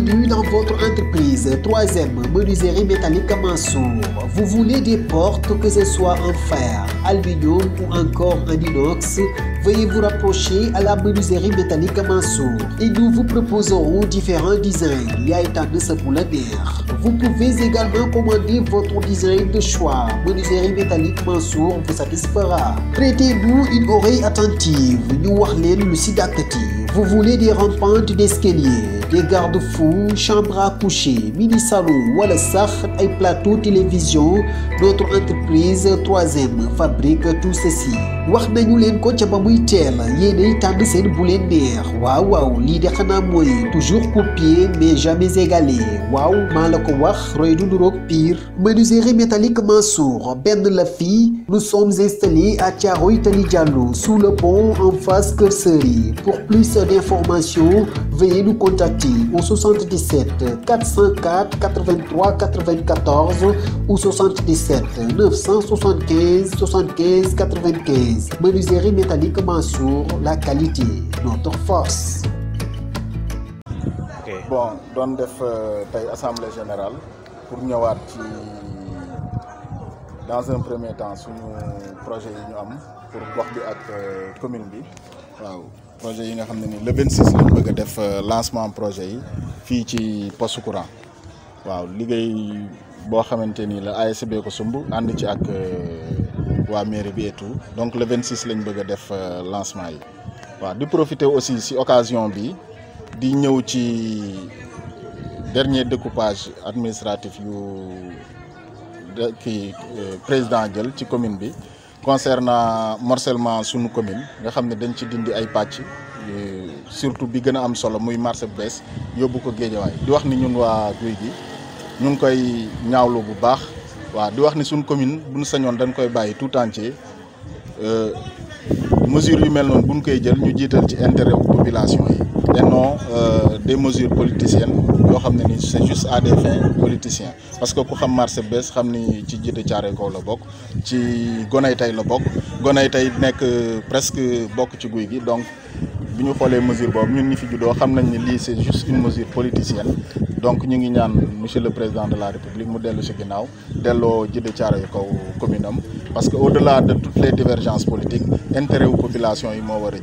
bienvenue dans votre entreprise. Troisième, menuiserie métallique Mansour. Vous voulez des portes, que ce soit en fer, aluminium ou encore en inox, veuillez vous rapprocher à la menuiserie métallique Mansour et nous vous proposerons différents designs. Il y a un pour la mer. Vous pouvez également commander votre design de choix. Menuiserie métallique Mansour vous satisfera. Prêtez-nous une oreille attentive. Nous lucide le Vous voulez des rampantes d'escalier des garde-fous, chambres à coucher, mini-salon, wala et plateau télévision notre entreprise troisième fabrique tout ceci wax nañu leen ko ca ba muy teel de boulet toujours copier mais jamais égalé Wow, maa ko pire menuiserie métallique Mansour Ben la nous sommes installés à Thiaroye Tally sous le pont en face de pour plus d'informations veuillez nous contacter au 77 404 83 94 ou 77 975 75 95. Menuiserie métallique Mansour, la qualité, notre force. bon dans def euh, générale pour ñëwaat ci dans un premier temps sur projet projets pour porter bi la euh, commune waaw projet yi nga xam ne ni le 26 lañ bëgg a def euh, lancement projet yi fii ci poste courant waaw liggéey boo xamante ni la ASB ko sumb ànd ci ak euh, waa mairie bi et tout donc le 26 lañ bëgg a def euh, lancement yi waaw di profiter aussi si occasion bi di ñëw ci dernier découpage administratif yu kii président jël ci commune bi concernant morcellement sunu commune nga xam ne dañ ci dindi ay pàcc surtout bi gën a am solo muy marché bu bees yóbbu ko géejawaay di wax ni ñun waa guy gi ñu ngi koy ñaawlu bu baax waa di wax ni suñu commune bu ñu sañoon dañ koy bàyyi tout entier euh, mesure yu mel noon bu ñu koy jël ñu jiital ci intérêt population yi et non euh, des mesures politiciennes yoo xam ni c'est juste à des fins politiciens parce que ku xam marché bees xam ni ci jiite caare kaw la bokk ci gonay tey la bokk gonay tey nekk euh, presque bok ci guy gi donc bu ñu xoolee mesure boobu ñun ñi fi juddoo xam nañ ni lii c'est juste une mesure politicienne donc ñu ngi ñaan monsieur le président de la république mu dellu si ginnaaw delloo jiite caare kaw commune am parce que au-delà de toutes les divergences politiques intérêt aux population yi moo war a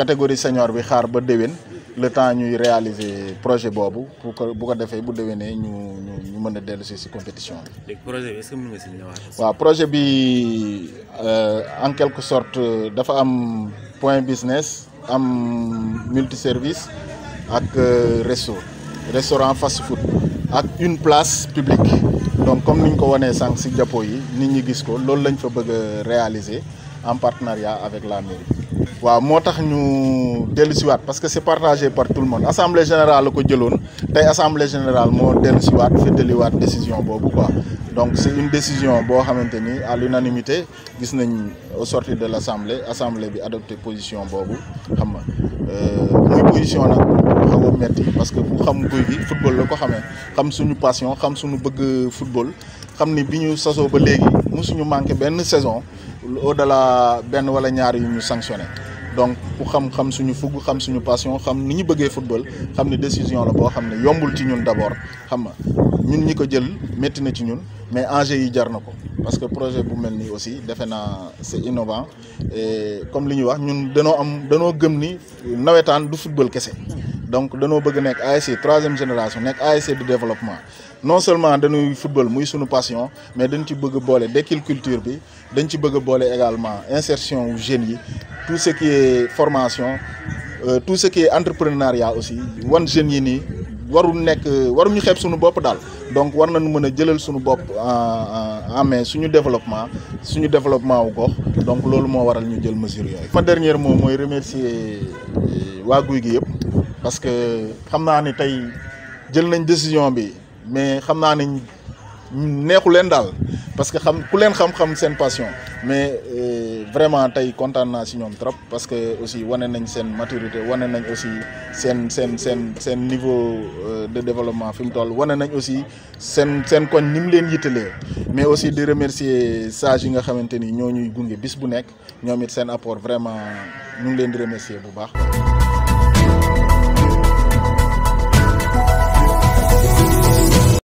catégorie senior bi xaar ba déwén le temps ñuy réaliser projet bobu pour que bu ko défé bu déwénee ñu ñu mëna mën ci compétition bi. projet est-ce que mën nga si ñëwaat. projet bi euh, en quelque sorte dafa am point business am multiservice ak euh, resto restaurant fast food ak une place publique donc comme niñ ñu ko wanee sànq si japo yi nit ñi gis ko loolu lañ fa bëgg réaliser en partenariat avec la mairie. waaw moo tax ñu dellusiwaat parce que c'est partagé par tout le monde assemblée générale la ko jëloon tey assemblée générale moo dellusiwaat féetaliwaat décision boobu quoi donc C'est une décision boo xamante ni à l'unanimité gis nous au sortir de l'Assemblée. L'Assemblée a bi adopté position boobu xam nga euh, muy position nag xaw metti parce que ku xam guy football la ko xamee xam suñu passion xam suñu bëgg football xam ni bi ñu sasoo ba léegi manqué une saison au-delà ben wala ñaar donc ku xam-xam suñu fugg xam nous passion ni football xam ni décision la sommes xam yombul d'abord nous nga ñun ñi ko mais enjeu yi parce que projet bu aussi c'est innovant et comme nous, nous wax nous du football donc dañoo bëgg nekk ASC troisième génération nekk ASC de développement non seulement dañuy football muy suñu passion mais dañ ci bëgg boole dekkil culture bi dañ ci bëgg boole également insertion jeunes yi tout ce qui est formation euh, tout ce qui est entrepreneuriat aussi wan jeunes yi nii warul nekk waruñu xeeb suñu bopp daal donc war nañu mën a jëlal suñu bopp en main suñu développement suñu développement wu gox donc loolu moo waral ñu jël mesure yooyu. ma dernier mot mooy remercier euh, waa guy gi yëpp parce que xam naa ni tey jël nañ décision bi mais xam naa ni neexu leen daal parce que xam ku leen xam-xam seen passion mais euh, vraiment tey kontaan naa si ñoom trop parce que aussi wane nañ seen maturité wane nañ aussi seen seen seen seen niveau euh, de développement fi mu toll wane nañ aussi seen seen koñ ni mu leen yittalee mais aussi di remercier sage yi nga xamante ni ñoo ñuy gunge bis bu nekk ñoom it seen apport vraiment ñu ngi leen di remercier bu baax.